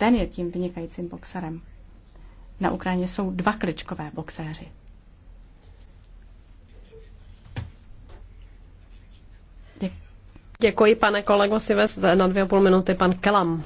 Ten je tím vynikajícím boxerem. Na Ukrajině jsou dva kličkové boxéři. Děkuji. pane kolego Sives. Na dvě a půl minuty pan Kelam.